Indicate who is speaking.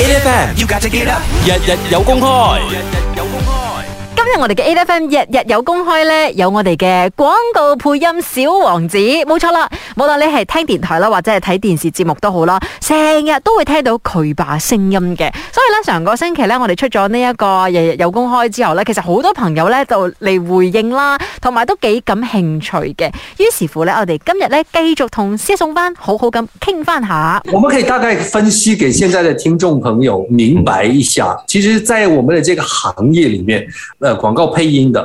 Speaker 1: A F M，you got the 日日有公開，
Speaker 2: 今日我哋嘅 A F M 日日有公開咧，有我哋嘅廣告配音小王子，冇錯啦。無論你係聽電台啦，或者係睇電視節目都好啦，成日都會聽到佢把聲音嘅。所以咧，上個星期咧、這個，我哋出咗呢一個《日日有公開》之後咧，其實好多朋友咧就嚟回應啦，同埋都幾感興趣嘅。於是乎咧，我哋今日咧繼續同謝松汎好好咁傾翻下。我們可以大概分析給現在的聽眾朋友明白一下，其實，在我們的這個行業裏面，誒、呃，廣告配音的。